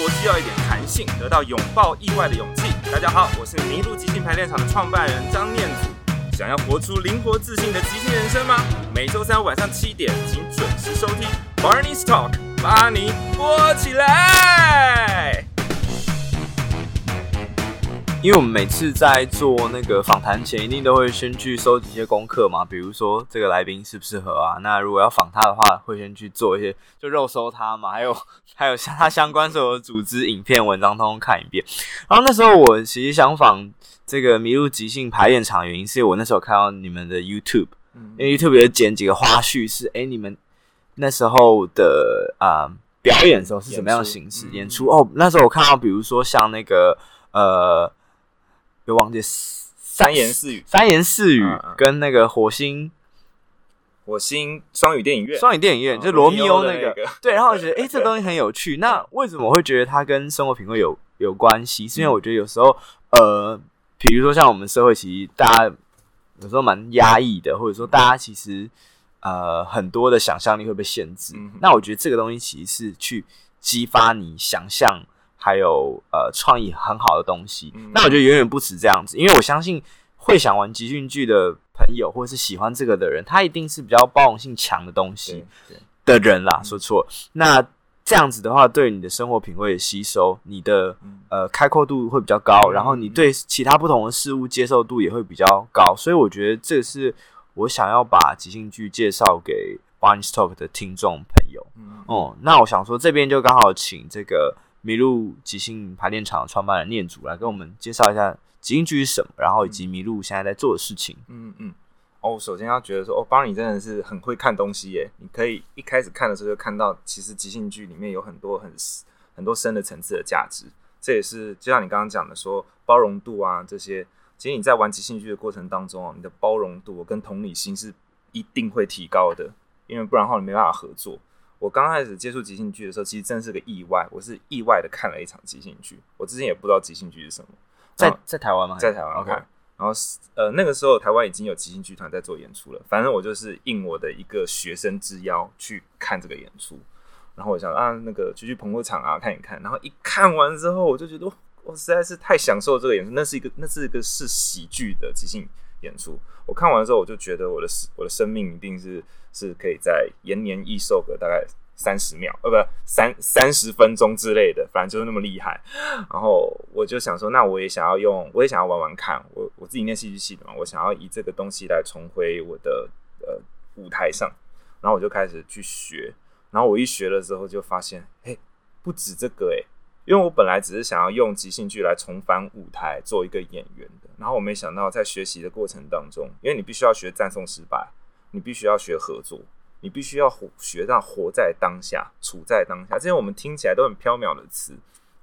我需要一點彈性，得到擁抱意外的勇氣。大家好，我是迷鹿即興排練場的創辦人張念祖。想要活出靈活自信的即興人生嗎？每週三晚上七點，請準時收聽 Barney's Talk，把你播起來。因為我們每次在做那個訪談前，一定都會先去收集一些功課嘛，比如說這個來賓適不適合啊？那如果要訪他的話，會先去做一些就肉搜他嘛，還有還有像他相關的所有組織、影片、文章通通看一遍。然後那時候我其實想訪這個迷鹿即興排練場的原因，是因為我那時候看到你們的 YouTube，、嗯、因為 YouTube 有剪幾個花絮是哎、欸、你們那時候的啊、呃、表演的時候是怎麼樣的形式演出，、嗯演出嗯、哦？那時候我看到比如說像那個呃。就忘記三,三言四語，三言四語跟那個火星、嗯、火星雙語電影院，雙語電影院就羅密歐那個，嗯那個、對。然後我覺得，哎、欸，這個、東西很有趣。那為什麼我會覺得它跟生活品味有有關係？是、嗯、因為我覺得有時候，呃，比如說像我們社會其實大家有時候蠻壓抑的，或者說大家其實呃很多的想象力會被限制。嗯、哼那我覺得這個東西其實是去激發你想象。還有呃，創意很好的東西，mm hmm. 那我覺得遠遠不止這樣子，因為我相信會想玩即興劇的朋友，或者是喜歡這個的人，他一定是比較包容性強的東西的人啦。Mm hmm. 說錯，那這樣子的話，對你的生活品味吸收，你的呃開闊度會比較高，然後你對其他不同的事物接受度也會比較高。所以我覺得這是我想要把即興劇介紹給 Barney's Talk 的聽眾朋友。哦、mm hmm. 嗯，那我想說這邊就剛好請這個。麋鹿即興排練場創辦的念祖來跟我們介紹一下即興劇是什麼，然後以及麋鹿現在在做的事情。嗯嗯，哦，首先要覺得說，哦 b a 真的是很會看東西耶。你可以一開始看的時候就看到，其實即興劇裡面有很多很很多深的層次的價值。這也是就像你剛剛講的說，包容度啊這些，其實你在玩即興劇的過程當中啊，你的包容度跟同理心是一定會提高的，因為不然的話你沒辦法合作。我剛開始接觸即興劇的時候，其實真是個意外。我是意外的看了一場即興劇，我之前也不知道即興劇是什麼，在在台灣嗎？在台灣。台 OK。然後呃，那個時候台灣已經有即興劇團在做演出了，反正我就是應我的一個學生之邀去看這個演出。然後我想啊，那個去去捧個場啊看一看。然後一看完之後，我就覺得我實在是太享受這個演出。那是一個，那是一個是喜劇的即興。演出，我看完之後，我就覺得我的我的生命一定是是可以在延年益壽個大概三十秒，呃、啊，不，三三十分鐘之類的，反正就是那麼厲害。然後我就想說，那我也想要用，我也想要玩玩看。我我自己念戲劇系的嘛，我想要以這個東西來重回我的呃舞台上。然後我就開始去學，然後我一學了之後，就發現，嘿、欸，不止這個、欸，哎。因為我本來只是想要用即興劇來重返舞台做一個演員的，然後我沒想到在學習的過程當中，因為你必須要學讚頌失敗，你必須要學合作，你必須要活學到活在當下、處在當下，這些我們聽起來都很縹緲的詞，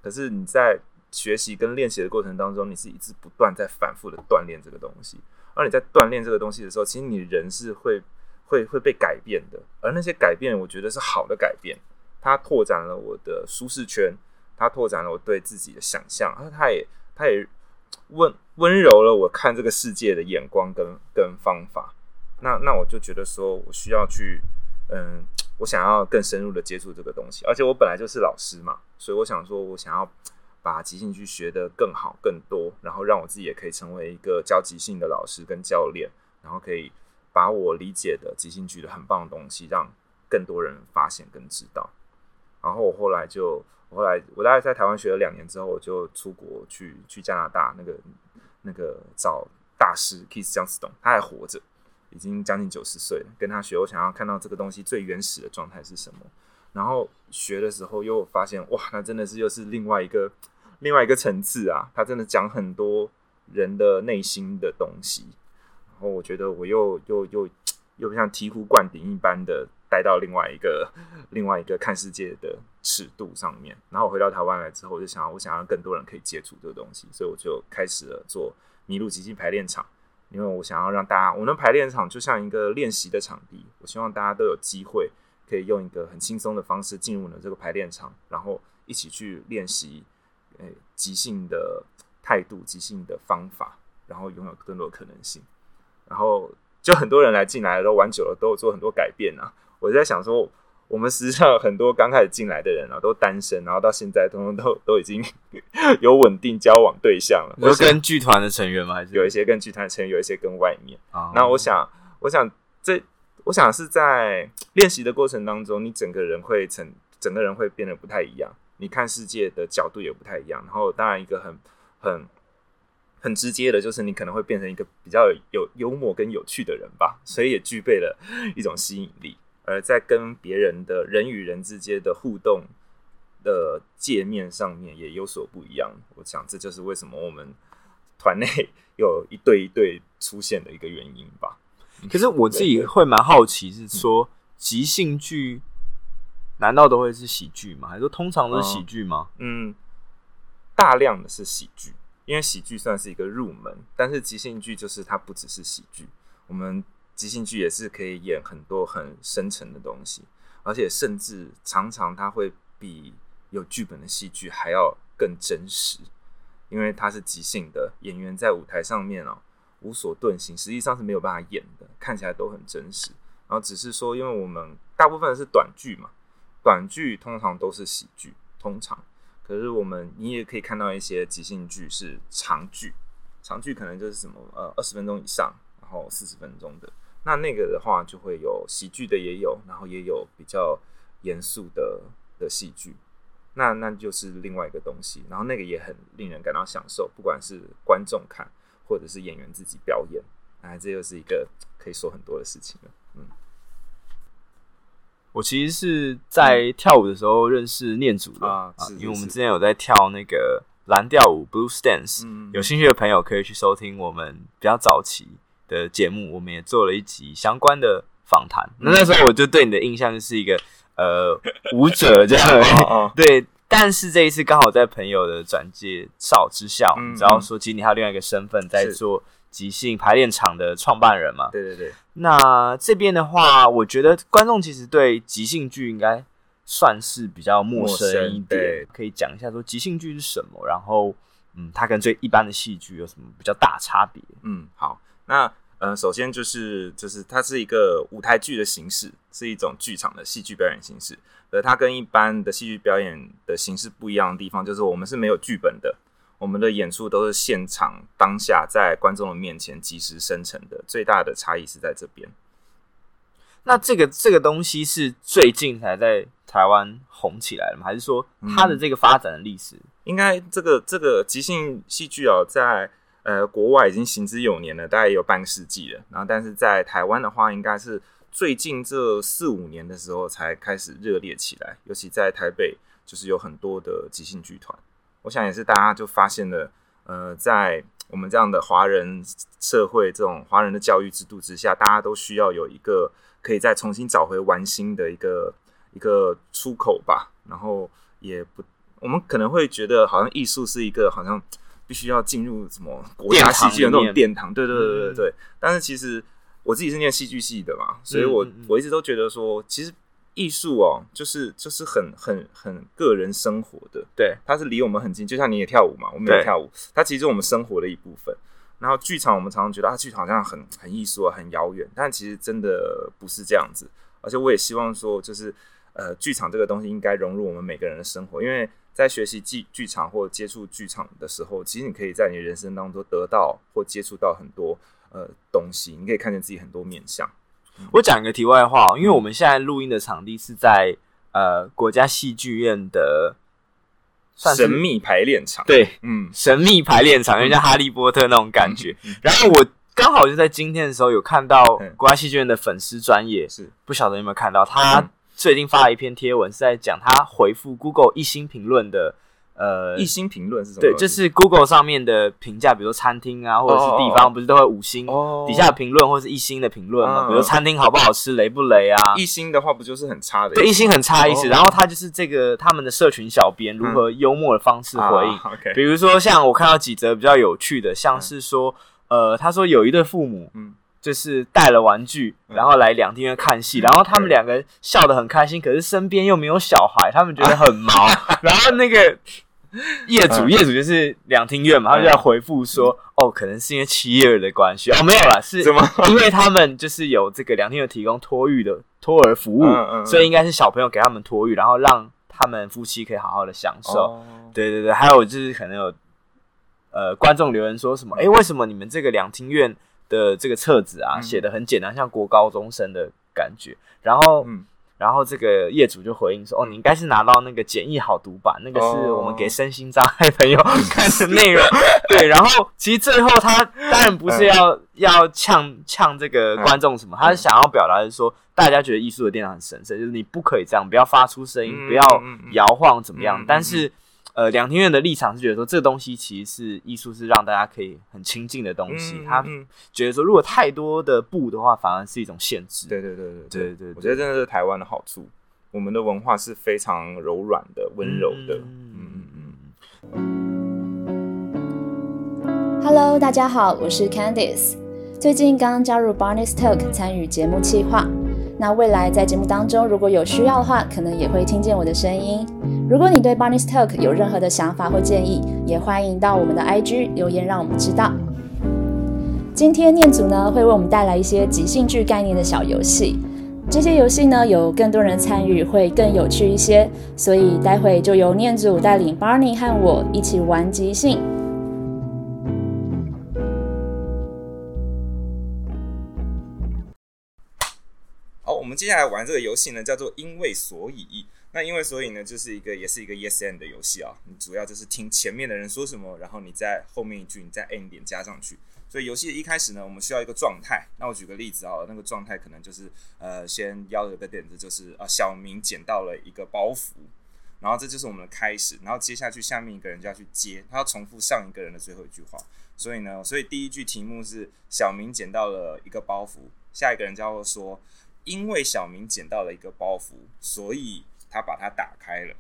可是你在學習跟練習的過程當中，你是一直不斷在反覆的鍛鍊這個東西，而你在鍛鍊這個東西的時候，其實你人是會會會被改變的，而那些改變，我覺得是好的改變，它拓展了我的舒適圈。它拓展了我對自己的想象，而它也，它也溫溫柔了我看這個世界的眼光跟跟方法。那那我就覺得說，我需要去，嗯，我想要更深入的接觸這個東西。而且我本來就是老師嘛，所以我想說，我想要把即興劇學得更好、更多，然後讓我自己也可以成為一個教即興的老師跟教練，然後可以把我理解的即興劇的很棒的東西，讓更多人發現跟知道。然後我後來就。我後來，我大概在台灣學了兩年之後，我就出國去去加拿大那個那個找大師 Keith Johnstone，他還活着，已經將近九十歲了。跟他學，我想要看到這個東西最原始的狀態是什麼？然後學的時候又發現，哇，那真的是又是另外一個另外一個層次啊！他真的講很多人的內心的東西。然後我覺得我又又又又像醍醐灌頂一般的帶到另外一個另外一個看世界的尺度上面，然後我回到台灣來之後，我就想要，我想讓更多人可以接觸這個東西，所以我就開始了做迷鹿即興排練場，因為我想要讓大家，我的排練場就像一個練習的場地，我希望大家都有機會可以用一個很輕鬆的方式進入呢這個排練場，然後一起去練習，誒、欸，即興的態度、即興的方法，然後擁有更多的可能性。然後就很多人來進來都玩久了，都有做很多改變呢、啊。我就在想說。我們實際上很多剛開始進來的人啊，都單身，然後到現在通通都都已經有穩定交往對象了。有跟劇團的成員嗎？還是有一些跟劇團成員，有一些跟外面。那、oh. 我想，我想這，我想是在練習的過程當中，你整個人會成，整個人會變得不太一樣。你看世界的角度也不太一樣。然後，當然一個很很很直接的，就是你可能會變成一個比較有，有幽默跟有趣的人吧，所以也具備了一種吸引力。而在跟別人的人與人之間的互動的界面上面也有所不一樣，我想這就是為什麼我們團內有一對一對出現的一個原因吧。可是我自己會蠻好奇，是說即興劇難道都會是喜劇嗎？還是說通常都是喜劇嗎？嗯，嗯，大量的是喜劇，因為喜劇算是一個入門，但是即興劇就是它不只是喜劇，我們。即興劇也是可以演很多很深層的東西，而且甚至常常它會比有劇本的戲劇還要更真實，因為它是即興的，演員在舞台上面哦，無所遁形，實際上是沒有辦法演的，看起來都很真實。然後只是說，因為我們大部分的是短劇嘛，短劇通常都是喜劇，通常。可是我們你也可以看到一些即興劇是長劇，長劇可能就是什麼呃二十分鐘以上，然後四十分鐘的。那那個的話，就會有喜劇的也有，然後也有比較嚴肅的的戲劇。那那就是另外一個東西，然後那個也很令人感到享受，不管是觀眾看，或者是演員自己表演。哎，這就是一個可以說很多的事情了。嗯，我其實是在跳舞的時候認識念祖的、啊、因為我們之前有在跳那個藍跳舞 （Blue ance, s t a n c e 有興趣的朋友可以去收聽我們比較早期的節目，我們也做了一集相關的訪談。那、嗯、那時候我就對你的印象就是一個呃舞者這樣。 嗯、對，但是這一次剛好在朋友的轉介紹之下，然後、嗯、你知道說其實你還有另外一個身份在做即興排練場的創辦人嘛？對對對。那這邊的話，我覺得觀眾其實對即興劇應該算是比較陌生一點，可以講一下說即興劇是什麼，然後嗯，它跟最一般的戲劇有什麼比較大差別？嗯，好。那嗯、呃，首先就是就是它是一個舞台劇的形式，是一種劇場的戲劇表演形式。而它跟一般的戲劇表演的形式不一樣的地方，就是我們是沒有劇本的，我們的演出都是現場當下在觀眾的面前即時生成的，最大的差異是在這邊。那這個這個東西是最近才在台灣紅起來了嗎？還是說它的這個發展的歷史？嗯、應該這個這個即興戲劇啊，在。呃，國外已經行之有年了，大概也有半個世紀了。然後，但是在台灣的話，應該是最近這四五年的時候才開始熱烈起來。尤其在台北，就是有很多的即興劇團。我想也是大家就發現了，呃，在我們這樣的華人社會，這種華人的教育制度之下，大家都需要有一個可以再重新找回玩心的一個一個出口吧。然後，也不，我們可能會覺得好像藝術是一個好像。必須要進入什麼國家戲劇的那種殿堂？殿堂對對對對對,對,、嗯、對。但是其實我自己是念戲劇系的嘛，所以我嗯嗯嗯我一直都覺得說，其實藝術哦，就是就是很很很個人生活的。對，它是離我們很近。就像你也跳舞嘛，我們也跳舞，對它其實是我們生活的一部分。然後劇場，我們常常覺得啊，劇場好像很很藝術，啊，很遙遠，但其實真的不是這樣子。而且我也希望說，就是呃，劇場這個東西應該融入我們每個人的生活，因為。在學習劇劇場或接觸劇場的時候，其實你可以在你的人生當中得到或接觸到很多呃東西，你可以看見自己很多面相。我講一個題外話，因為我們現在錄音的場地是在呃國家戲劇院的算是神秘排練場，對，嗯，神秘排練場，有點對、嗯、像哈利波特那種感覺。嗯、然後我剛好就在今天的時候有看到國家戲劇院的粉絲專頁，是不曉得有沒有看到他。最近發了一篇貼文，是在講他回復 Google 一星評論的，呃，一星評論是什麼？對，就是 Google 上面的評價，比如說餐廳啊，或者是地方，oh、不是都會五星？哦，底下評論、oh、或者是一星的評論嘛。Oh、比如說餐廳好不好吃，oh、雷不雷啊？一星的話，不就是很差的意思？對，一星很差意思。然後他就是這個他們的社群小編如何幽默的方式回應，oh、okay. 比如說像我看到幾則比較有趣的，像是說，呃，他說有一對父母，嗯。就是帶了玩具，然後來兩廳院看戲，然後他們兩個笑得很開心，可是身邊又沒有小孩，他們覺得很毛。啊、然後那個業主、啊、業主就是兩廳院嘛，他就在回復說：“嗯、哦，可能是因為七月的關係。”哦，沒有啦，是因為他們就是有這個兩廳院提供托育的托兒服務，嗯嗯、所以應該是小朋友給他們托育，然後讓他們夫妻可以好好的享受。哦、對對對，還有就是可能有呃觀眾留言說什麼：“哎，為什麼你們這個兩廳院？”的這個冊子啊，寫得很簡單，像國高中生的感覺。然後，嗯、然後這個業主就回應說：“哦，你應該是拿到那個簡易好讀版，那個是我們給身心障礙朋友看的內容。哦” 對，然後其實最後他當然不是要、哎、要嗆嗆這個觀眾什麼，哎、他是想要表達是說，大家覺得藝術的殿堂很神聖，就是你不可以這樣，不要發出聲音，不要搖晃，怎麼樣？嗯、但是。呃，兩廳院的立場是覺得說，這個東西其實是藝術，是讓大家可以很親近的東西。他、嗯嗯、覺得說，如果太多的布的話，反而是一種限制。對對對對對，對，對，對，對，對我覺得真的是台灣的好處，我們的文化是非常柔軟的、溫柔的。嗯嗯嗯。嗯嗯 Hello，大家好，我是 Candice，最近剛加入 Barney's Talk 參與節目企劃。那未來在節目當中，如果有需要的話，可能也會聽見我的聲音。如果你對 Barney's Talk 有任何的想法或建議，也歡迎到我們的 IG 留言，讓我們知道。今天念祖呢會為我們帶來一些即興劇概念的小遊戲，這些遊戲呢有更多人參與會更有趣一些，所以待會就由念祖帶領 Barney 和我一起玩即興。接下來玩這個遊戲呢，叫做“因為所以”。那“因為所以”呢，就是一個也是一個 yes and 的遊戲啊。你主要就是聽前面的人說什麼，然後你在後面一句，你再 and 點加上去。所以遊戲一開始呢，我們需要一個狀態。那我舉個例子啊，那個狀態可能就是呃，先要一個點子，就是啊，小明撿到了一個包袱，然後這就是我們的開始。然後接下去下面一個人就要去接，他要重複上一個人的最後一句話。所以呢，所以第一句題目是小明撿到了一個包袱，下一個人就要說。因為小明撿到了一個包袱，所以他把它打開了。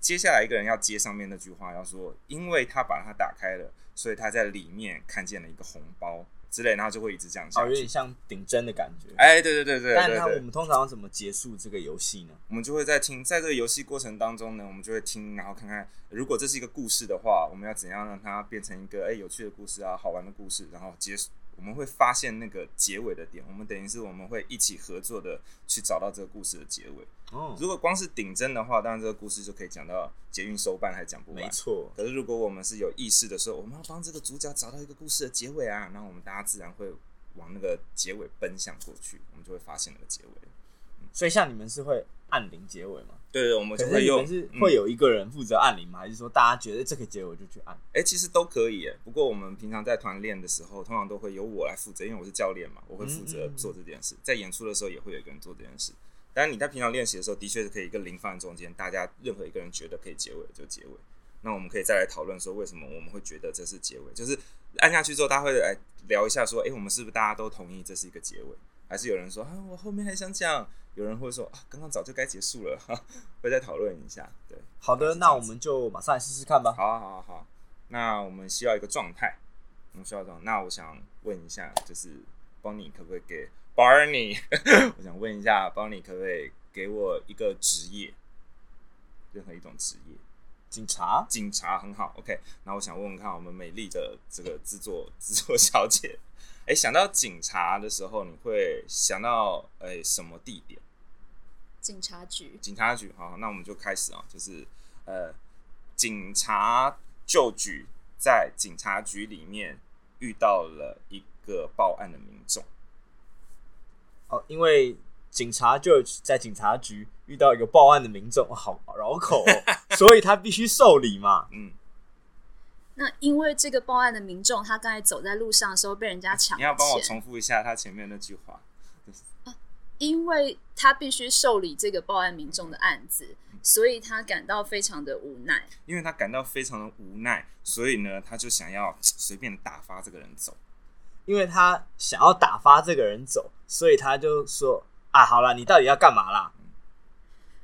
接下來一個人要接上面那句話，要說：因為他把它打開了，所以他在裡面看見了一個紅包之類，然後就會一直這樣講。好，有點像頂針的感覺。哎、欸，對對對對，對。但那我們通常要怎麼結束這個遊戲呢？我們就會在聽，在這個遊戲過程當中呢，我們就會聽，然後看看如果這是一個故事的話，我們要怎樣讓它變成一個誒、欸、有趣的故事啊，好玩的故事，然後結束。我們會發現那個結尾的點，我們等於是我們會一起合作的去找到這個故事的結尾。哦，oh. 如果光是頂針的話，當然這個故事就可以講到捷運收班，還講不完。沒錯，可是如果我們是有意識的時候，我們要幫這個主角找到一個故事的結尾啊，那我們大家自然會往那個結尾奔向過去，我們就會發現那個結尾。所以像你們是會按鈴結尾嗎？對對，我們就會用。是，你們是會有一個人負責按鈴嗎？嗯、還是說大家覺得這個結尾就去按？誒、欸，其實都可以誒，不過我們平常在團練的時候，通常都會由我來負責，因為我是教練嘛，我會負責做這件事。嗯嗯嗯，在演出的時候也會有一個人做這件事。但你在平常練習的時候，的確是可以一個鈴放在中間，大家任何一個人覺得可以結尾就結尾。那我們可以再來討論說，為什麼我們會覺得這是結尾？就是按下去之後，大家會來聊一下，說，誒、欸，我們是不是大家都同意這是一個結尾？還是有人說，啊，我後面還想講？有人會說，剛、啊、剛早就該結束了，哈，會再討論一下。對，好的，那我們就馬上來試試看吧。好，好，好，好，那我們需要一個狀態，我們需要狀。那我想問一下，就是邦尼，Bonnie、可不可以給 Barney 我想問一下，邦尼，可不可以給我一個職業？任何一種職業，警察，警察很好。OK，那我想問問看，我們美麗的這個制作製作小姐，哎、欸，想到警察的時候，你會想到哎、欸、什麼地點？警察局，警察局，好，好，那我們就開始啊，就是呃，警察就局在警察局裡面遇到了一個報案的民眾，哦，因為警察就在警察局遇到一個報案的民眾，好繞口、哦， 所以他必須受理嘛，嗯，那因為這個報案的民眾，他剛才走在路上的時候被人家搶、呃，你要幫我重複一下他前面那句話。因為他必須受理這個報案民眾的案子，所以他感到非常的無奈。因為他感到非常的無奈，所以呢，他就想要隨便打發這個人走。因為他想要打發這個人走，所以他就說：“啊，好啦，你到底要幹嘛啦？”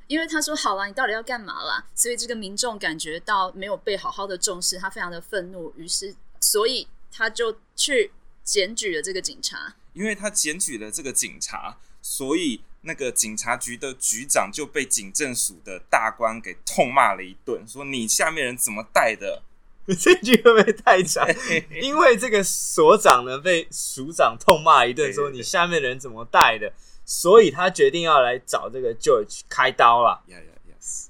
因為他說：“好啦，你到底要幹嘛啦？”所以這個民眾感覺到沒有被好好的重視，他非常的憤怒，於是所以他就去檢舉了這個警察。因為他檢舉了這個警察。所以，那個警察局的局長就被警政署的大官給痛罵了一頓，說你下面人怎麼帶的？這句 會不會太長？ 因為這個所長呢被署長痛罵一頓， 對對對說你下面人怎麼帶的？所以他決定要來找這個 George 開刀了。Yeah, yeah, yes.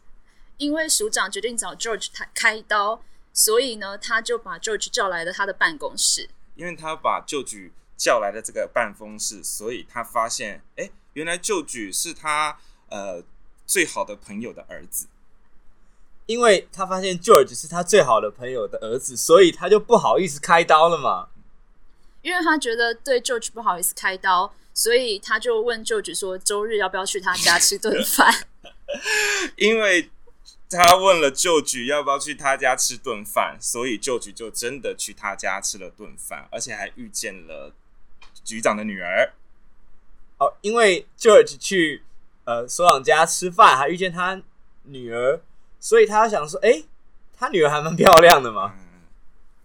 因為署長決定找 George 開開刀，所以呢，他就把 George 叫來了他的辦公室，因為他把舊局。叫來的這個半瘋子，所以他發現，哎、欸，原來 George 是他呃最好的朋友的兒子，因為他發現 George 是他最好的朋友的兒子，所以他就不好意思開刀了嘛。因為他覺得對 George 不好意思開刀，所以他就問 George 說：“週日要不要去他家吃頓飯？” 因為他問了 George 要不要去他家吃頓飯，所以 George 就真的去他家吃了頓飯，而且還遇見了。局長的女兒，哦，因為 George 去呃所長家吃飯，還遇見他女兒，所以他想說，誒、欸，他女兒還蠻漂亮的嘛。嗯、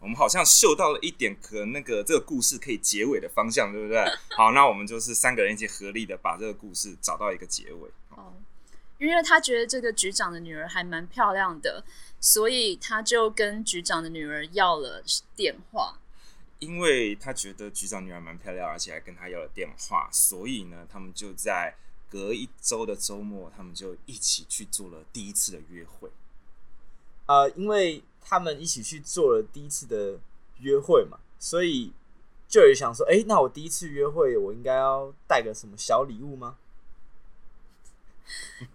我們好像嗅到了一點，可那個這個故事可以結尾的方向，對不對？ 好，那我們就是三個人一起合力的把這個故事找到一個結尾。哦、嗯，因為他覺得這個局長的女兒還蠻漂亮的，所以他就跟局長的女兒要了電話。因為他覺得局長女兒蠻漂亮，而且還跟他要了電話，所以呢，他們就在隔一周的周末，他們就一起去做了第一次的約會。呃，因為他們一起去做了第一次的約會嘛，所以就也、er、想說，誒，那我第一次約會，我應該要帶個什麼小禮物嗎？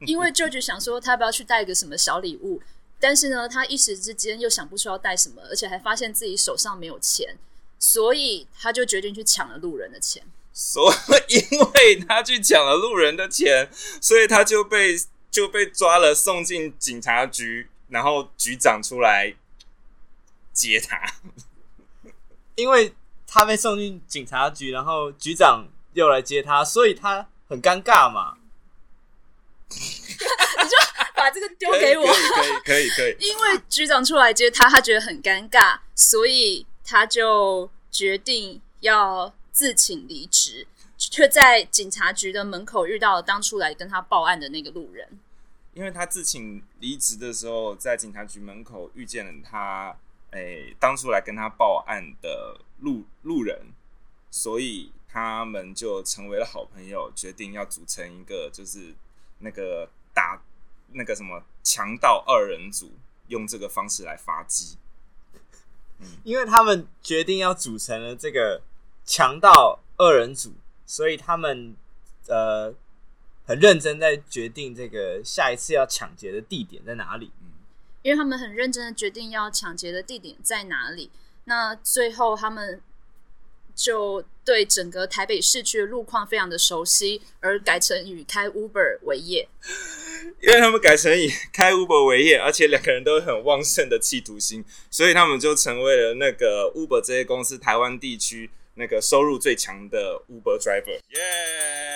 因為舅舅想說，他要不要去帶個什麼小禮物？ 但是呢，他一時之間又想不出要帶什麼，而且還發現自己手上沒有錢。所以他就決定去搶了路人的錢。所，因為他去搶了路人的錢，所以他就被就被抓了，送進警察局。然後局長出來接他，因為他被送進警察局，然後局長又來接他，所以他很尷尬嘛。 你就把這個丟給我可以，可以，可以，可以，可以。因為局長出來接他，他覺得很尷尬，所以他就。決定要自請離職，卻在警察局的門口遇到了當初來跟他報案的那個路人。因為他自請離職的時候，在警察局門口遇見了他，哎、欸，當初來跟他報案的路路人，所以他們就成為了好朋友，決定要組成一個就是那個打那個什麼強盜二人組，用這個方式來發跡。因為他們決定要組成了這個強盜二人組，所以他們呃很認真在決定這個下一次要搶劫的地點在哪裡。因為他們很認真的決定要搶劫的地點在哪裡，那最後他們就對整個台北市區的路況非常的熟悉，而改成以開 Uber 為業。因為他們改成以開 Uber 為業，而且兩個人都很旺盛的企圖心，所以他們就成為了那個 Uber 這些公司，台灣地區。那個收入最強的 Uber Driver，耶！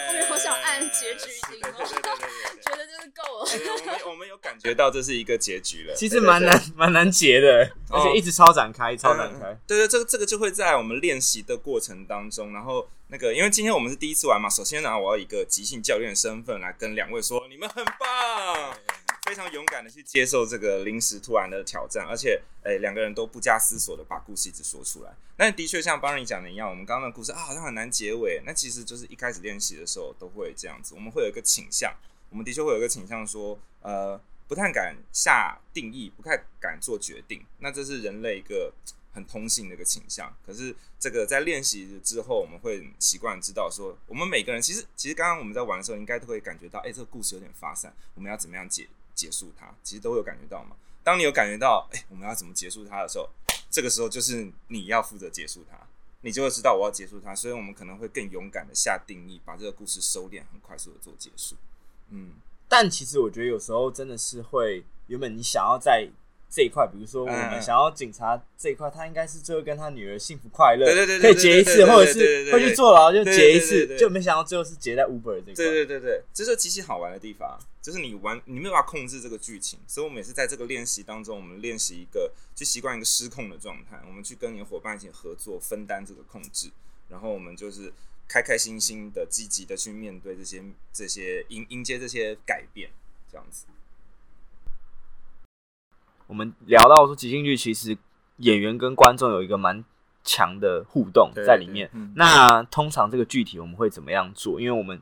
我也 Yeah! 好想按結局型哦，覺得就是夠了，欸。我們，我們有感覺到這是一個結局了，其實蠻難蠻 難結的，而且一直超展開，哦，超展開。嗯，對，對對，這個這個就會在我們練習的過程當中，然後那個因為今天我們是第一次玩嘛，首先呢，啊，我要以一個即興教練的身份來跟兩位說，你們很棒。非常勇敢的去接受這個臨時突然的挑戰，而且，哎、欸，兩個人都不假思索的把故事一直說出來。那的確像巴尼講的一樣，我們剛剛的故事啊，好像很難結尾。那其實就是一開始練習的時候都會這樣子，我們會有一個傾向，我們的確會有一個傾向說，呃，不太敢下定義，不太敢做決定。那這是人類一個很通性的一個傾向。可是這個在練習之後，我們會習慣知道說，我們每個人其實，其實剛剛我們在玩的時候，應該都會感覺到，哎、欸，這個故事有點發散，我們要怎麼樣解？結束它，其實都有感覺到嘛。當你有感覺到，誒、欸，我們要怎麼結束它的時候，這個時候就是你要負責結束它，你就會知道我要結束它。所以，我們可能會更勇敢的下定義，把這個故事收斂，很快速的做結束。嗯，但其實我覺得有時候真的是會，原本你想要在。這一塊，比如說我們想要警察這一塊，他應該是最後跟他女兒幸福快樂，可以結一次，或者是會去坐牢就結一次，就沒想到最後是結在 Uber 這一塊。對對對對，這是極其好玩的地方，就是你玩你沒有辦法控制這個劇情，所以我們每次在這個練習當中，我們練習一個就習慣一個失控的狀態，我們去跟你的伙伴一起合作分擔這個控制，然後我們就是開開心心的積極的去面對這些這些迎迎接這些改變，這樣子。我們聊到說，即興劇其實演員跟觀眾有一個蠻強的互動在裡面。對對對嗯、那通常這個具體我們會怎麼樣做？因為我們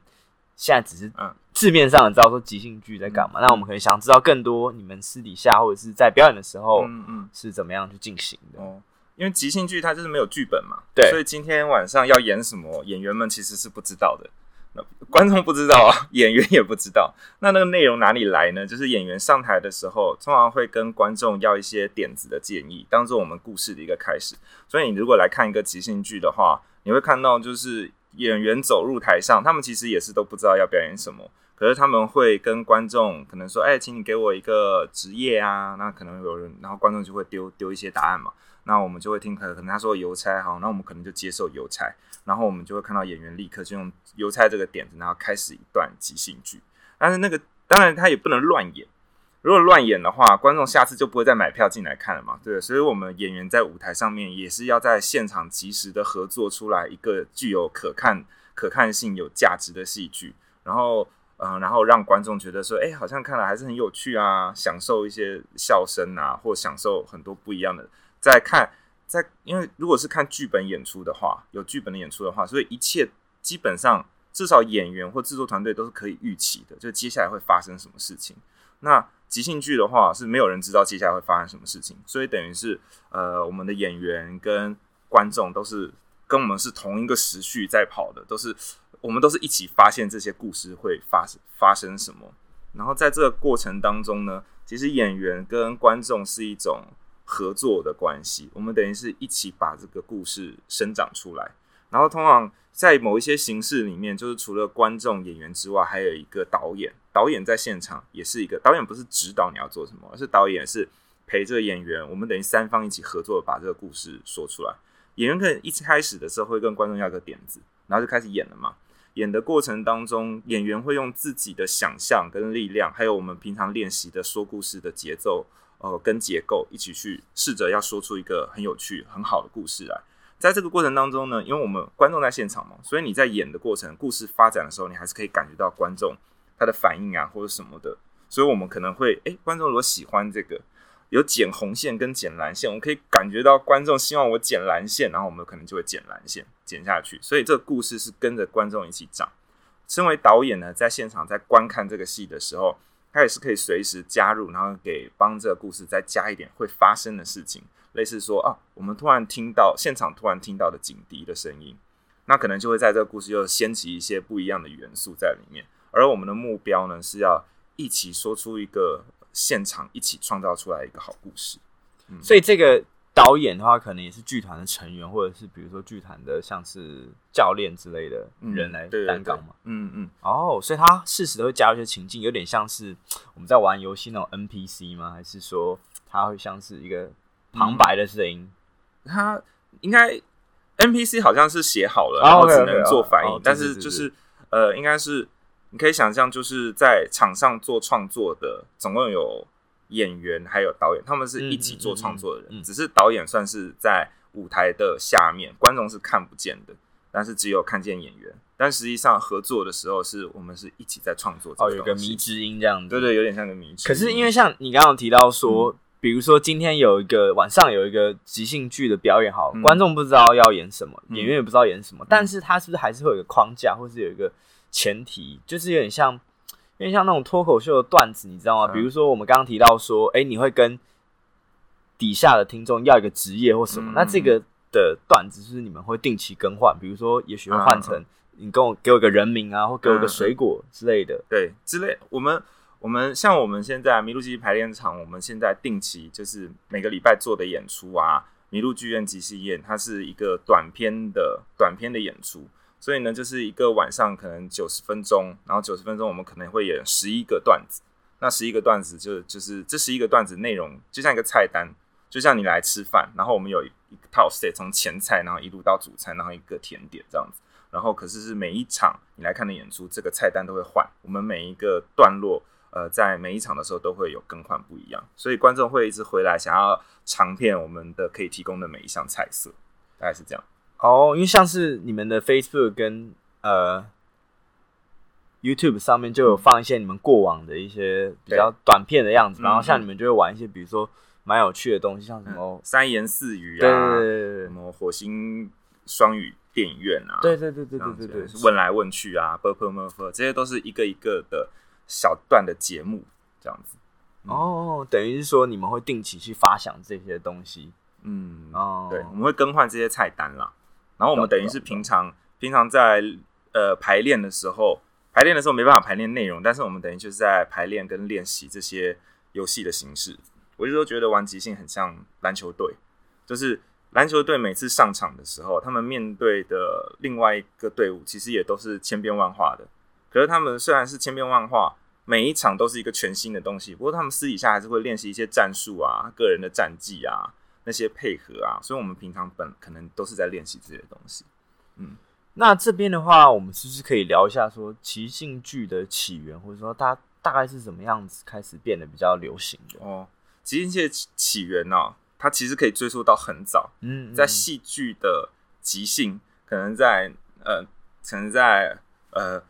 現在只是字面上也知道說即興劇在幹嘛，嗯、那我們可以想知道更多。你們私底下或者是在表演的時候是怎麼樣去進行的、嗯嗯哦？因為即興劇它就是沒有劇本嘛，對所以今天晚上要演什麼，演員們其實是不知道的。觀眾不知道啊，演員也不知道。那那個內容哪裡來呢？就是演員上台的時候，通常會跟觀眾要一些點子的建議，當做我們故事的一個開始。所以你如果來看一個即興劇的話，你會看到就是演員走入台上，他們其實也是都不知道要表演什麼，可是他們會跟觀眾可能說：“欸，請你給我一個職業啊。”那可能有人，然後觀眾就會丟丟一些答案嘛。那我們就會聽可可能他說郵差。好，那我們可能就接受郵差，然後我們就會看到演員立刻就用郵差這個點子，然後開始一段即興劇。但是那個當然他也不能亂演，如果亂演的話，觀眾下次就不會再買票進來看了嘛，對，所以，我們演員在舞台上面也是要在現場即時的合作出來一個具有可看可看性、有價值的戲劇，然後嗯、呃，然後讓觀眾覺得說，誒，好像看了還是很有趣啊，享受一些笑聲啊，或享受很多不一樣的。在看，在因為如果是看劇本演出的話，有劇本的演出的話，所以一切基本上至少演員或製作團隊都是可以預期的，就接下來會發生什麼事情。那即興劇的話，是沒有人知道接下來會發生什麼事情，所以等於是呃，我們的演員跟觀眾都是跟我們是同一個時序在跑的，都是我們都是一起發現這些故事會發發生什麼。然後在這個過程當中呢，其實演員跟觀眾是一種。合作的關係，我們等於是一起把這個故事生長出來。然後通常在某一些形式裡面，就是除了觀眾、演員之外，還有一個導演。導演在現場也是一個導演，不是指導你要做什麼，而是導演是陪著演員。我們等於三方一起合作，把這個故事說出來。演員可能一開始的時候會跟觀眾要個點子，然後就開始演了嘛。演的過程當中，演員會用自己的想象跟力量，還有我們平常練習的說故事的節奏。呃，跟結構一起去試着要說出一個很有趣、很好的故事來、啊。在這個過程當中呢，因為我們觀眾在現場嘛，所以你在演的過程、故事發展的時候，你還是可以感覺到觀眾他的反應啊，或者什麼的。所以，我們可能會哎、欸，觀眾如果喜歡這個，有剪紅線跟剪藍線，我們可以感覺到觀眾希望我剪藍線，然後我們可能就會剪藍線，剪下去。所以，這個故事是跟着觀眾一起長。身為導演呢，在現場在觀看這個戲的時候。他也是可以隨時加入，然後給幫這個故事再加一點會發生的事情，類似說啊，我們突然聽到現場突然聽到的警笛的聲音，那可能就會在這個故事又掀起一些不一樣的元素在裡面。而我們的目標呢，是要一起說出一個現場，一起創造出來一個好故事。嗯，所以這個。導演的話，可能也是劇團的成員，或者是比如說劇團的像是教練之類的人來擔當嘛。嗯嗯。哦，嗯嗯 oh, 所以他適時都會加入一些情境，有點像是我們在玩遊戲那種 NPC 嗎？還是說他會像是一個旁白的聲音？嗯、他應該 NPC 好像是寫好了，啊、然後只能做反應。啊哦、是是是。但是就是呃，應該是你可以想象，就是在場上做創作的總共有，演員還有導演，他們是一起做創作的人，嗯嗯嗯、只是導演算是在舞台的下面，觀眾是看不見的，但是只有看見演員。但實際上合作的時候，是我們是一起在創作。哦，有個迷之音這樣子，對，對對，有點像個迷之音。可是因為像你剛剛有提到說，嗯、比如說今天有一個晚上有一個即興劇的表演，好，觀眾不知道要演什麼，嗯、演員也不知道演什麼，嗯、但是他是不是還是會有一個框架，或是有一個前提，就是有點像。因為像那種脫口秀的段子，你知道嗎？比如說我們剛剛提到說，哎、嗯欸，你會跟底下的聽眾要一個職業或什麼？嗯、那這個的段子就是你們會定期更換，比如說，也許會換成你跟我給我一個人名啊，嗯、或給我個水果之類的，對，之類。我們我們像我們現在迷鹿即興排練場，我們現在定期就是每個禮拜做的演出啊，迷鹿劇院即興演，它是一個短篇的短篇的演出。所以呢，就是一個晚上可能九十分鐘，然後九十分鐘我們可能會演十一個段子。那十一個段子就就是這十一個段子內容就像一個菜單，就像你來吃飯，然後我們有一一套菜，從前菜然後一路到主菜，然後一個甜點這樣子。然後可是是每一場你來看的演出，這個菜單都會換。我們每一個段落，呃，在每一場的時候都會有更換不一樣，所以觀眾會一直回來想要嘗遍我們的可以提供的每一項菜色，大概是這樣。哦，oh, 因為像是你們的 Facebook 跟呃 YouTube 上面就有放一些你們過往的一些比較短片的樣子，對然後像你們就會玩一些比如說蠻有趣的東西，像什麼、嗯、三言四語啊，對什麼火星雙語電影院啊，對對對對對對對，對對，問來問去啊，r 啵啵啵，這些都是一個一個的小段的節目這樣子。哦、嗯，oh, 等於是說你們會定期去發想這些東西，嗯，哦，oh. 對，我們會更換這些菜單啦。然後我們等於是平常平常在呃排練的時候，排練的時候沒辦法排練內容，但是我們等於就是在排練跟練習這些遊戲的形式。我一直都覺得玩即興很像籃球隊，就是籃球隊每次上場的時候，他們面對的另外一個隊伍其實也都是千變萬化的。可是他們雖然是千變萬化，每一場都是一個全新的東西。不過他們私底下還是會練習一些戰術啊、個人的戰技啊，那些配合啊，所以我們平常本可能都是在練習這些東西。嗯，那這邊的話，我們是不是可以聊一下說即興劇的起源，或者說它大概是什麼樣子，開始變得比較流行的？哦，即興劇的起源呢，哦，它其實可以追溯到很早，嗯，嗯，在戲劇的即興，可能在呃，曾在呃。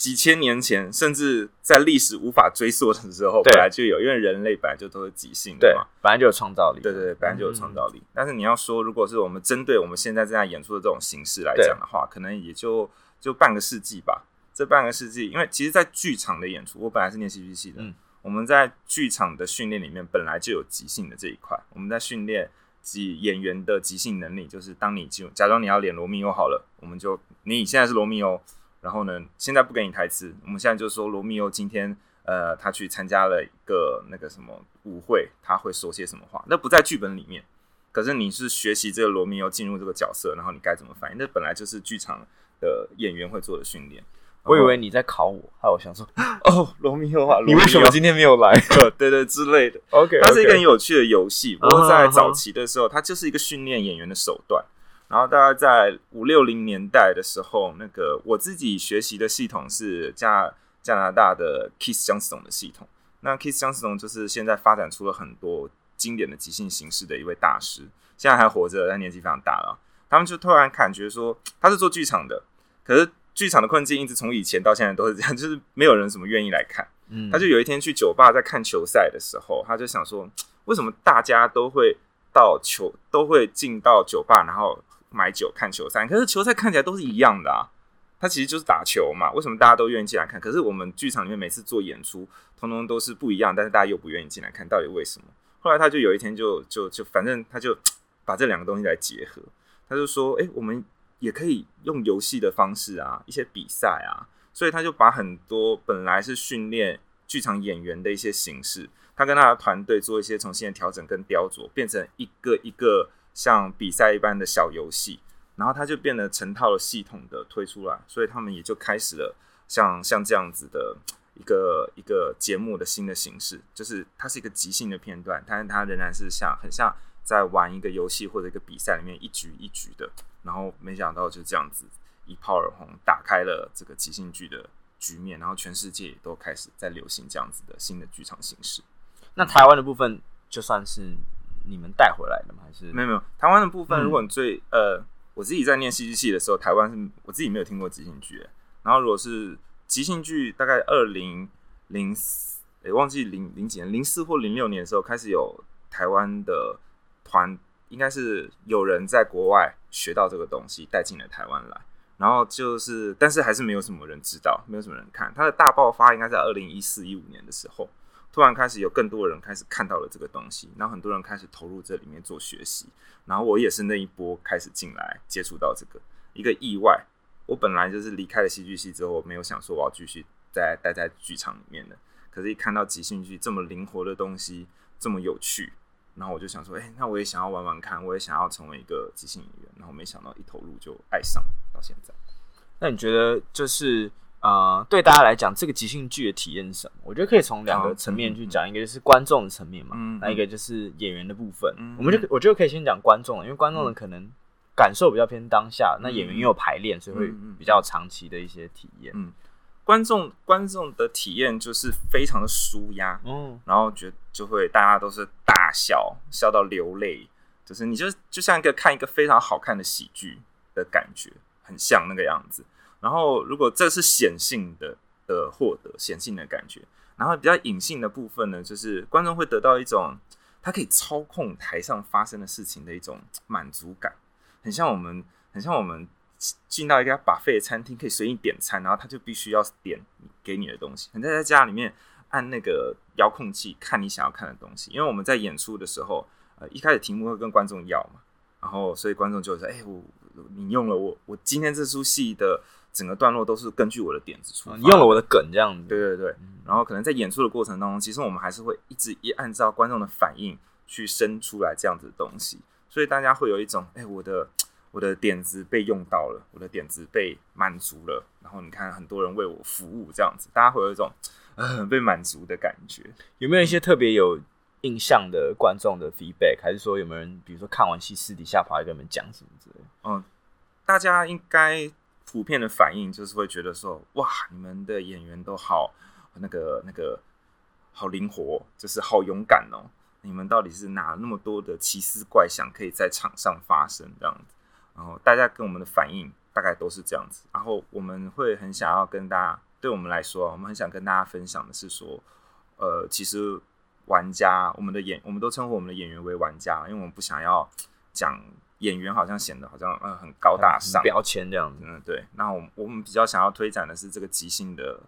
幾千年前，甚至在歷史無法追溯的時候，對本來就有，因為人類本來就都是即興的嘛，本來就有創造力，對對對，本來就有創造力。嗯、但是你要說，如果是我們針對我們現在這樣演出的這種形式來講的話，對可能也就就半個世紀吧。這半個世紀，因為其實，在劇場的演出，我本來是念戲劇系的，嗯、我們在劇場的訓練裡面本來就有即興的這一塊。我們在訓練即演員的即興能力，就是當你就假裝你要演羅密歐好了，我們就你現在是羅密歐。然後呢，現在不給你台詞，我們現在就說羅密歐今天，呃，他去參加了一個那個什麼舞會，他會說些什麼話？那不在劇本裡面，可是你是學習這個羅密歐進入這個角色，然後你該怎麼反應？那本來就是劇場的演員會做的訓練。我以為你在考我，害我，我、啊、我想說，哦，羅密歐啊，羅密歐你為什麼今天沒有來？ 哦、對對之類的。OK，, okay. 它是一個很有趣的遊戲，我在早期的時候，oh, 哦、它就是一個訓練演員的手段。然後大概在五六零年代的時候，那個我自己學習的系統是加加拿大的 Keith Johnstone 的系統。那 Keith Johnstone 就是現在發展出了很多經典的即興形式的一位大師，現在還活着，但年紀非常大了。他們就突然感覺說他是做劇場的，可是劇場的困境一直從以前到現在都是這樣，就是沒有人什麼願意來看。嗯，他就有一天去酒吧，在看球賽的時候，他就想說：為什麼大家都會到球都會進到酒吧，然後買酒看球賽，可是球賽看起來都是一樣的啊，它其實就是打球嘛。為什麼大家都願意進來看？可是我們劇場裡面每次做演出，通通都是不一樣，但是大家又不願意進來看，到底為什麼？後來他就有一天就就就，反正他就把這兩個東西來結合，他就說：“欸，我們也可以用遊戲的方式啊，一些比賽啊。”所以他就把很多本來是訓練劇場演員的一些形式，他跟他的團隊做一些重新的調整跟雕琢，變成一個一個。像比賽一般的小遊戲，然後它就變得成，成套的系統的推出來，所以他們也就開始了像像這樣子的一個一個節目的新的形式，就是它是一個即興的片段，但是它仍然是像很像在玩一個遊戲或者一個比賽裡面一局一局的，然後沒想到就這樣子一炮而紅，打開了這個即興劇的局面，然後全世界都開始在流行這樣子的新的劇場形式。那台灣的部分就算是。你們帶回來的嗎？還是沒有沒有台灣的部分。如果你最、嗯、呃，我自己在念戲劇系的時候，台灣是我自己沒有聽過即興劇。然後如果是即興劇，大概二零零四、欸，忘記零零幾年，零四或零六年的時候開始有台灣的團，應該是有人在國外學到這個東西帶進了台灣來。然後就是，但是還是沒有什麼人知道，沒有什麼人看。它的大爆發應該在二零一四一五年的時候。突然開始有更多人開始看到了這個東西，然後很多人開始投入這裡面做學習，然後我也是那一波開始進來接觸到這個一個意外。我本來就是離開了戲劇系之後，沒有想說我要繼續再待在劇場裡面的，可是，一看到即興劇這麼靈活的東西，這麼有趣，然後我就想說，哎、欸，那我也想要玩玩看，我也想要成為一個即興演員。然後沒想到一投入就愛上，到現在。那你覺得就是？啊、呃，對大家來講，這個即興劇的體驗是什麼？我覺得可以從兩個層面去講，嗯嗯、一個就是觀眾的層面嘛，嗯嗯、那一個就是演員的部分。嗯、我們就我覺得可以先講觀眾了，因為觀眾呢可能感受比較偏當下，嗯、那演員也有排練，所以會比較長期的一些體驗。嗯嗯嗯嗯、觀眾觀眾的體驗就是非常的舒壓，嗯、哦，然後覺得就會大家都是大笑，笑到流淚，就是你就就像一個看一個非常好看的喜劇的感覺，很像那個樣子。然後，如果這是顯性的呃，獲得，顯性的感覺，然後比較隱性的部分呢，就是觀眾會得到一種他可以操控台上發生的事情的一種滿足感，很像我們，很像我們進到一個 buffet 的餐廳，可以隨意點餐，然後他就必須要點給你的東西，很像在家裡面按那個遙控器看你想要看的東西，因為我們在演出的時候，呃，一開始題目會跟觀眾要嘛，然後所以觀眾就會說：“哎、欸，我你用了我我今天這出戲的。”整個段落都是根據我的點子出，你用了我的梗這樣子，對對對。然後可能在演出的過程當中，其實我們還是會一直一，按照觀眾的反應去生出來這樣子的東西，所以大家會有一種，誒，我的我的點子被用到了，我的點子被滿足了。然後你看，很多人為我服務這樣子，大家會有一種、呃、被滿足的感覺。有沒有一些特別有印象的觀眾的 feedback？還是說有沒有人，比如說看完戲私底下跑來跟你們講什麼之類的？嗯，大家應該。普遍的反應就是會覺得說：“哇，你們的演員都好那個那個好靈活，就是好勇敢哦！你們到底是哪那麼多的奇思怪想可以在場上發生這樣子？”然後大家跟我們的反應大概都是這樣子。然後我們會很想要跟大家，對我們來說，我們很想跟大家分享的是說，呃，其實玩家我們的演，我們都稱呼我們的演員為玩家，因為我們不想要講。演員好像顯得好像嗯、呃、很高大上標籤這樣子，嗯，對。那我們我們比較想要推展的是這個即興的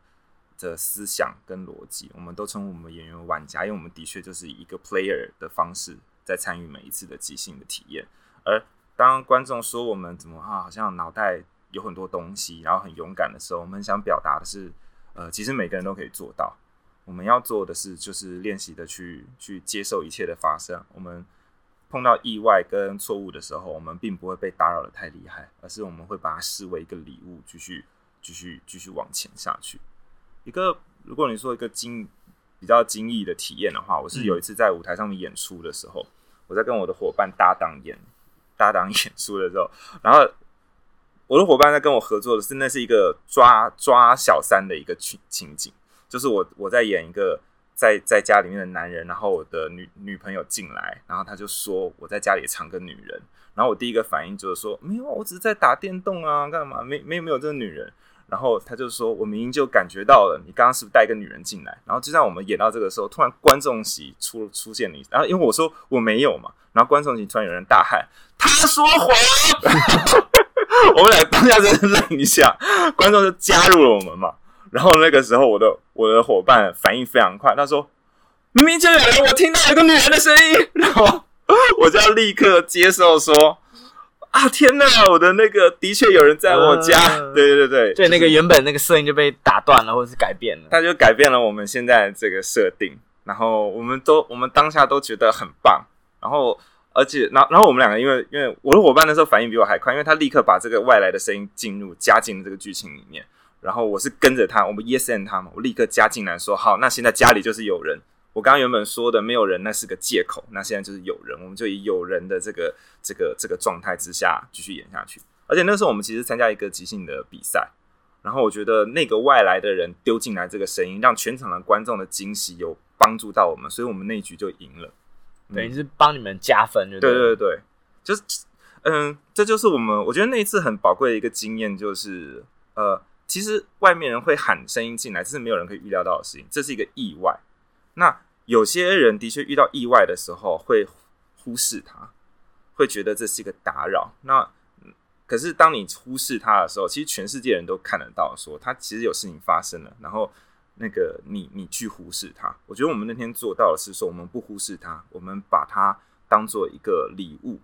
的思想跟邏輯，我們都稱呼我們演員玩家，因為我們的確就是以一個 player 的方式在參與每一次的即興的體驗。而當觀眾說我們怎麼啊，好像腦袋有很多東西，然後很勇敢的時候，我們很想表達的是，呃，其實每個人都可以做到。我們要做的是，就是練習的去去接受一切的發生。我們。碰到意外跟錯誤的時候，我們並不會被打擾得太厲害，而是我們會把它視為一個禮物，繼續繼續繼續往前下去。一個如果你說一個驚比較驚異的體驗的話，我是有一次在舞台上面演出的時候，嗯、我在跟我的夥伴搭檔演搭檔演出的時候，然後我的夥伴在跟我合作的是那是一個抓抓小三的一個情情景，就是我我在演一個。在在家裡面的男人，然後我的女女朋友進來，然後他就說我在家裡藏個女人，然後我第一個反應就是說沒有，我只是在打電動啊，幹嘛？沒沒有沒有這個女人，然後他就說我明明就感覺到了，你剛剛是不是帶一個女人進來？然後就像我們演到這個時候，突然觀眾席出出現了一，然後因為我說我沒有嘛，然後觀眾席突然有人大喊， 他說謊， 我們倆當下認真一下，觀眾就加入了我們嘛。然後那個時候，我的我的夥伴反應非常快，他說：“明明就有人，我聽到有個女人的聲音。”然後我就要立刻接受說：“啊，天吶，我的那個的確有人在我家。呃”對對對對，對那個原本那個聲音就被打斷了，就是、或者是改變了，他就改變了我們現在這個設定。然後我們都我們當下都覺得很棒。然後而且，然後然後我們兩個因為因為我的夥伴那時候反應比我還快，因為他立刻把這個外來的聲音進入加進了這個劇情裡面。然後我是跟着他，我們 yes and 他嘛，我立刻加進來說好。那現在家裡就是有人，我剛剛原本說的沒有人，那是個借口。那現在就是有人，我們就以有人的這個這個這個狀態之下繼續演下去。而且那時候我們其實參加一個即興的比賽，然後我覺得那個外來的人丟進來這個聲音，讓全場的觀眾的驚喜有幫助到我們，所以我們那一局就贏了，等於是幫你們加分對。對，對對對，就是嗯，這就是我們我覺得那一次很寶貴的一個經驗，就是呃。其實外面人會喊聲音進來，這是沒有人可以預料到的事情，這是一個意外。那有些人的確遇到意外的時候會忽視它，會覺得這是一個打擾。那可是當你忽視他的時候，其實全世界人都看得到，說他其實有事情發生了，然後那個你你去忽視他。我覺得我們那天做到的是說我們不忽視他，我們把它當做一個禮物。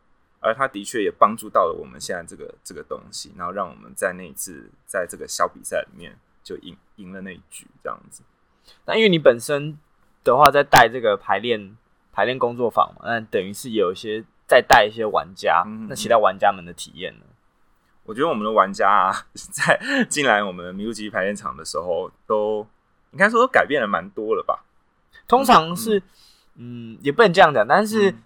而他的確也幫助到了我們現在這個這個東西，然後讓我們在那一次在這個小比賽裡面就贏贏了那一局這樣子。那因為你本身的話在帶這個排練排練工作坊嘛，那等於是有一些在帶一些玩家，嗯嗯、那其他玩家們的體驗呢？我覺得我們的玩家啊，在進來我們的迷鹿即興排練場的時候都，都應該說都改變了蠻多了吧。通常是，嗯，嗯，也不能這樣講，但是。嗯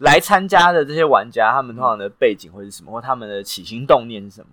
來參加的這些玩家，他們通常的背景會是什麼，或他們的起心動念是什麼？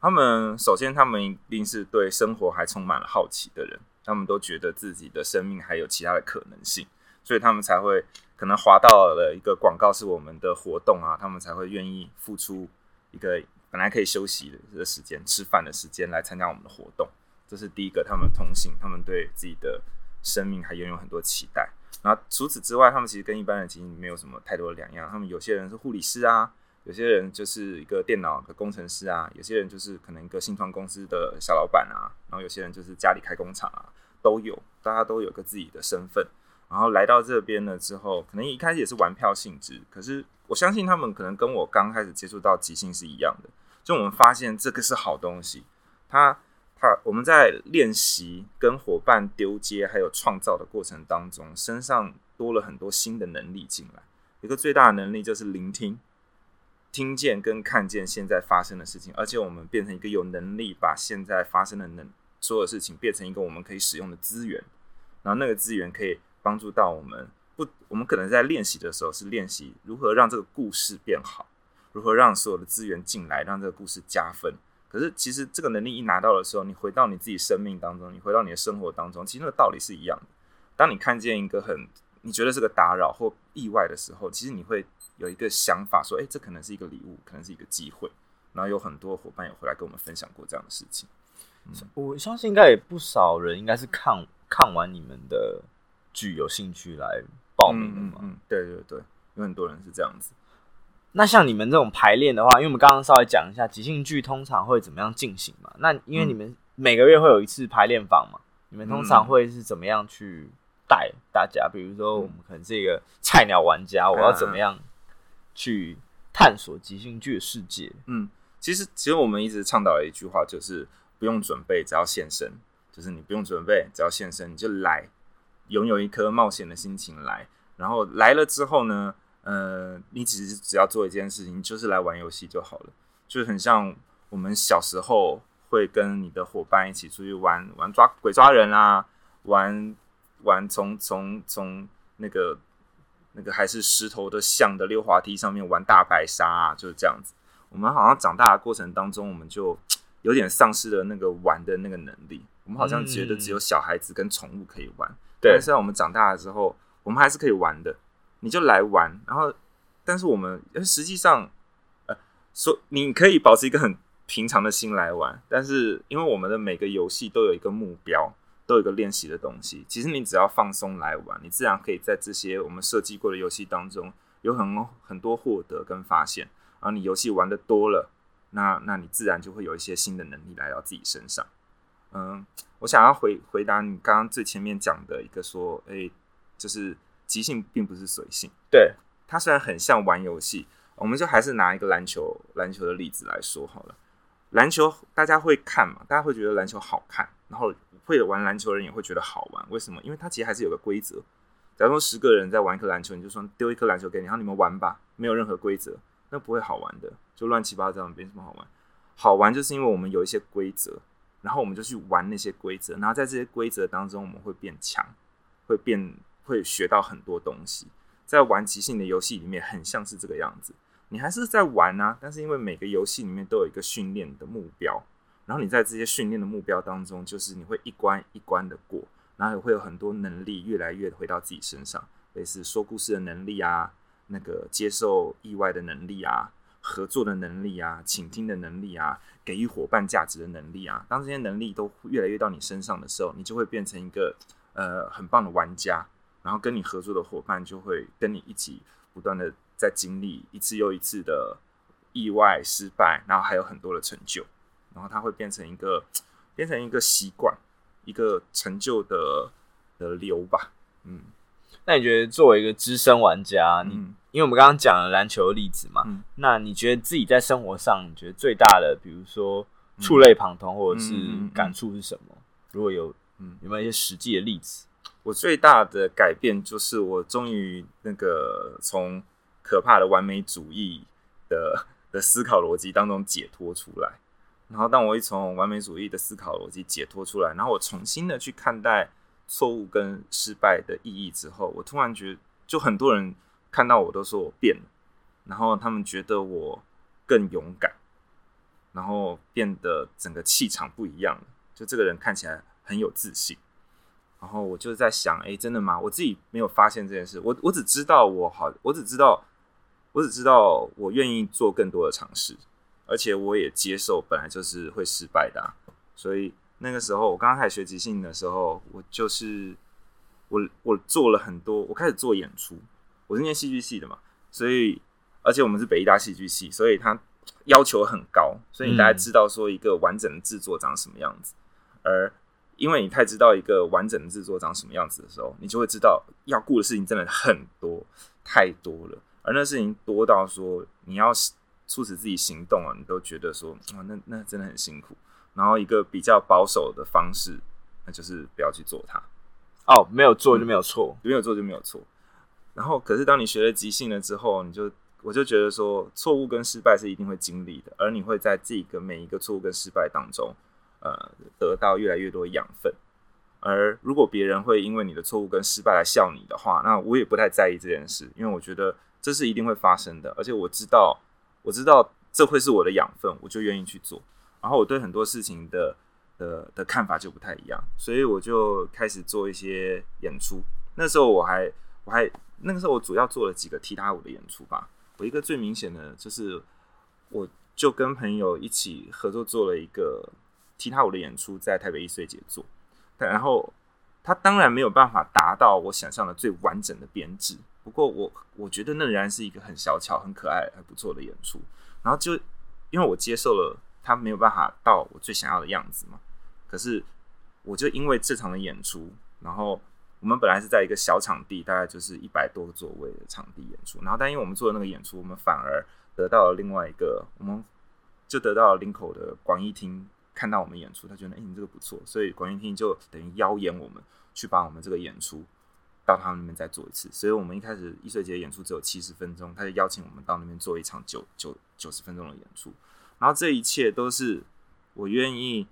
他們首先，他們一定是對生活還充滿了好奇的人，他們都覺得自己的生命還有其他的可能性，所以他們才會可能滑到了一個廣告是我們的活動啊，他們才會願意付出一個本來可以休息的時間、吃飯的時間來參加我們的活動。這是第一個，他們的通性，他們對自己的生命還擁有很多期待。然後除此之外，他們其實跟一般人其實沒有什麼太多的兩樣。他們有些人是護理師啊，有些人就是一個電腦的工程師啊，有些人就是可能一個新創公司的小老闆啊，然後有些人就是家裡開工廠啊，都有，大家都有個自己的身份。然後來到這邊了之後，可能一開始也是玩票性質。可是我相信他們可能跟我剛開始接觸到即興是一樣的，就我們發現這個是好東西，它。我們在練習跟夥伴丟接，還有創造的過程當中，身上多了很多新的能力進來。一個最大的能力就是聆聽，聽見跟看見現在發生的事情，而且我們變成一個有能力把現在發生的能所有事情變成一個我們可以使用的資源。然後那個資源可以幫助到我們，不，我們可能在練習的時候是練習如何讓這個故事變好，如何讓所有的資源進來，讓這個故事加分。可是，其實這個能力一拿到的時候，你回到你自己生命當中，你回到你的生活當中，其實那個道理是一樣的。當你看見一個很你覺得是個打擾或意外的時候，其實你會有一個想法說：誒、欸，這可能是一個禮物，可能是一個機會。然後有很多夥伴有回來跟我們分享過這樣的事情。我相信應該也不少人應該是看看完你們的劇，有興趣來報名的嘛、嗯嗯？對對對，有很多人是這樣子。那像你們這種排練的話，因為我們剛剛稍微講一下即興劇通常會怎麼樣進行嘛？那因為你們每個月會有一次排練房嘛？嗯、你們通常會是怎麼樣去帶大家？嗯、比如說我們可能是一個菜鳥玩家，嗯、我要怎麼樣去探索即興劇的世界？嗯，其實其實我們一直倡導的一句話就是不用準備，只要現身，就是你不用準備，只要現身你就來，擁有一顆冒險的心情來，然後來了之後呢？呃，你只是只要做一件事情，就是來玩遊戲就好了，就是很像我們小時候會跟你的夥伴一起出去玩，玩抓鬼抓人啊，玩玩從從從那個那個還是石頭的像的溜滑梯上面玩大白鯊，啊，就是這樣子。我們好像長大的過程當中，我們就有點喪失了那個玩的那個能力。我們好像覺得只有小孩子跟寵物可以玩，但是、嗯、我們長大了之後，我們還是可以玩的。你就來玩，然後，但是我們，實際上，呃，所你可以保持一個很平常的心來玩，但是因為我們的每個遊戲都有一個目標，都有一個練習的東西。其實你只要放鬆來玩，你自然可以在這些我們設計過的遊戲當中有很很多獲得跟發現。而你遊戲玩得多了，那那你自然就會有一些新的能力來到自己身上。嗯，我想要回回答你剛剛最前面講的一個說，哎、欸，就是。即興並不是隨性，對，它雖然很像玩遊戲，我們就還是拿一個籃球籃球的例子來說好了。籃球大家會看嘛？大家會覺得籃球好看，然後會玩籃球的人也會覺得好玩。為什麼？因為它其實還是有個規則。假如說十個人在玩一個籃球，你就說丟一顆籃球給你，然後你們玩吧，沒有任何規則，那不會好玩的，就亂七八糟，沒什麼好玩。好玩就是因為我們有一些規則，然後我們就去玩那些規則，然後在這些規則當中，我們會變強，會變。會學到很多東西，在玩即興的遊戲裡面，很像是這個樣子。你還是在玩啊，但是因為每個遊戲裡面都有一個訓練的目標，然後你在這些訓練的目標當中，就是你會一關一關的過，然後也會有很多能力越來越回到自己身上，類似說故事的能力啊，那個接受意外的能力啊，合作的能力啊，傾聽的能力啊，給予夥伴價值的能力啊。當這些能力都越來越到你身上的時候，你就會變成一個呃，很棒的玩家。然後跟你合作的伙伴就會跟你一起不斷的在經歷一次又一次的意外失敗，然後還有很多的成就，然後它會變成一個變成一個習慣，一個成就的的流吧。嗯，那你覺得作為一個資深玩家，你、嗯、因為我們剛剛講了籃球的例子嘛，嗯、那你覺得自己在生活上你覺得最大的，比如說觸類旁通或者是感觸是什麼？嗯嗯嗯嗯嗯如果有、嗯、有沒有一些實際的例子？我最大的改變就是，我終於那個從可怕的完美主義的的思考邏輯當中解脫出來。然後，當我一從完美主義的思考邏輯解脫出來，然後我重新的去看待錯誤跟失敗的意義之後，我突然覺，就很多人看到我都說我變了，然後他們覺得我更勇敢，然後變得整個氣場不一樣了，就這個人看起來很有自信。然後我就在想，哎、欸，真的嗎？我自己沒有發現這件事，我我只知道我好，我只知道，我只知道我願意做更多的嘗試，而且我也接受本來就是會失敗的、啊。所以那個時候我剛開始學即興的時候，我就是我我做了很多，我開始做演出，我是念戲劇系的嘛，所以而且我們是北藝大戲劇系，所以他要求很高，所以你大概知道說一個完整的制作長什麼樣子，嗯、而。因為你太知道一個完整的制作長什麼樣子的時候，你就會知道要顧的事情真的很多太多了，而那事情多到說你要促使自己行動啊，你都覺得說啊、哦，那那真的很辛苦。然後一個比較保守的方式，那就是不要去做它。哦，沒有做就沒有錯、嗯，沒有做就沒有錯。然後，可是當你學了即興了之後，你就我就覺得說，錯誤跟失敗是一定會經歷的，而你會在這個每一個錯誤跟失敗當中。呃，得到越來越多養分。而如果別人會因為你的錯誤跟失敗來笑你的話，那我也不太在意這件事，因為我覺得這是一定會發生的。而且我知道，我知道這會是我的養分，我就願意去做。然後我對很多事情的的的看法就不太一樣，所以我就開始做一些演出。那時候我還我還那個時候我主要做了幾個踢踏舞的演出吧。我一個最明顯的就是，我就跟朋友一起合作做了一個。其他我的演出在台北藝術節做，但然後他當然沒有辦法達到我想象的最完整的編制。不過我我覺得那仍然是一個很小巧、很可愛、很不錯的演出。然後就因為我接受了他沒有辦法到我最想要的樣子嘛。可是我就因為這場的演出，然後我們本來是在一個小場地，大概就是一百多個座位的場地演出。然後但因為我們做的那個演出，我們反而得到了另外一個，我們就得到了林口的廣義廳。看到我們演出，他覺得哎、欸，你這個不錯，所以廣運廳就等於邀演，我們去幫我們這個演出到他們那邊再做一次。所以我們一開始藝術節演出只有七十分鐘，他就邀請我們到那邊做一場九九九十分鐘的演出。然後這一切都是我願意，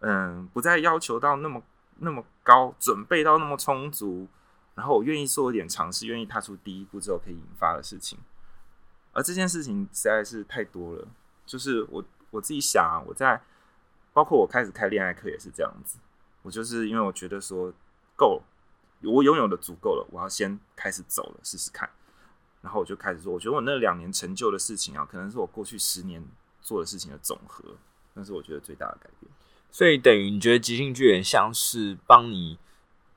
嗯，不再要求到那麼那麼高，準備到那麼充足，然後我願意做一點嘗試，願意踏出第一步之後可以引發的事情。而這件事情實在是太多了，就是我我自己想啊，我在。包括我開始開戀愛課也是這樣子，我就是因為我覺得說夠了，我擁有的足夠了，我要先開始走了試試看，然後我就開始說，我覺得我那兩年成就的事情啊，可能是我過去十年做的事情的總和，那是我覺得最大的改變。所以等於你覺得即興劇也很像是幫你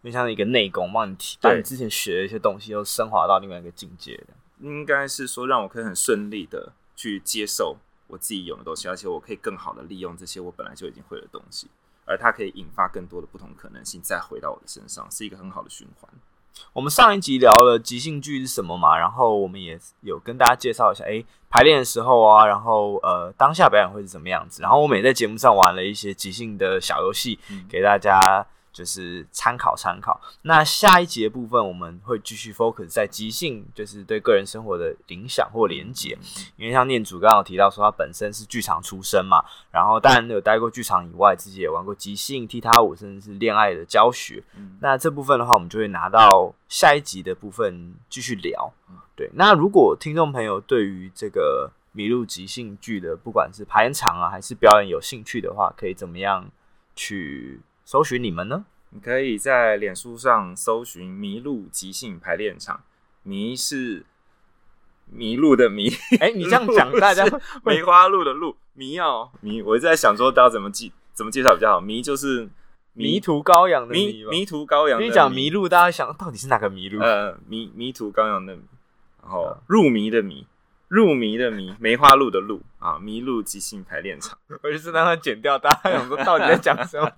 面向一個內功，幫你提，把你之前學的一些東西又升華到另外一個境界的，應該是說，讓我可以很順利的去接受我自己有的東西，而且我可以更好的利用這些我本來就已經會的東西，而它可以引發更多的不同可能性，再回到我的身上，是一個很好的循環。我們上一集聊了即興劇是什麼嘛？然後我們也有跟大家介紹一下，哎、欸，排練的時候啊，然後呃，當下表演會是什麼樣子？然後我們也在節目上玩了一些即興的小遊戲，嗯、給大家。就是參考參考。那下一集的部分，我們會繼續 focus 在即興，就是對個人生活的影響或連結。因為像念祖剛剛提到說，他本身是劇場出身嘛，然後當然有待過劇場以外，自己也玩過即興、踢踏舞，甚至是戀愛的教學。嗯、那這部分的話，我們就會拿到下一集的部分繼續聊。對，那如果聽眾朋友對於這個迷鹿即興劇的，不管是排演場啊，還是表演有興趣的話，可以怎麼樣去？搜尋你們呢？你可以在臉書上搜尋“迷鹿即興排練場”，迷是迷路的迷。麋是麋鹿的麋。哎，你這樣講，大家梅花鹿的鹿迷哦迷。我一直在想說，大家怎麼記怎麼介紹比較好？迷就是迷，迷途羔羊的迷迷，迷途羔羊。你講迷路，大家想到底是哪個迷路？呃，迷迷途羔羊的，迷，然後入迷的迷。啊入迷的迷，梅花鹿的鹿啊，迷鹿即興排練場。 我就是讓它剪掉，大家想說到底在講什麼？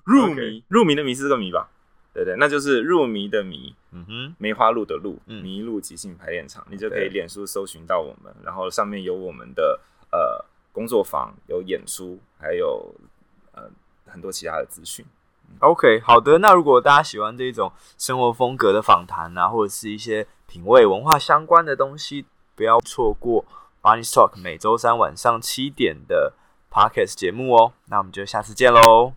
入迷，Okay. 入迷的迷是個迷吧？對，對對，那就是入迷的迷，嗯哼，梅花鹿的鹿，迷鹿即興排練場，嗯、你就可以臉書搜尋到我們，對然後上面有我們的呃工作坊，有演出，還有呃很多其他的資訊。OK，好的，那如果大家喜歡這一種生活風格的訪談啊，或者是一些品味文化相關的東西。不要錯過 Barney's Talk 每週三晚上七點的 Podcast 節目哦，那我們就下次見嘍。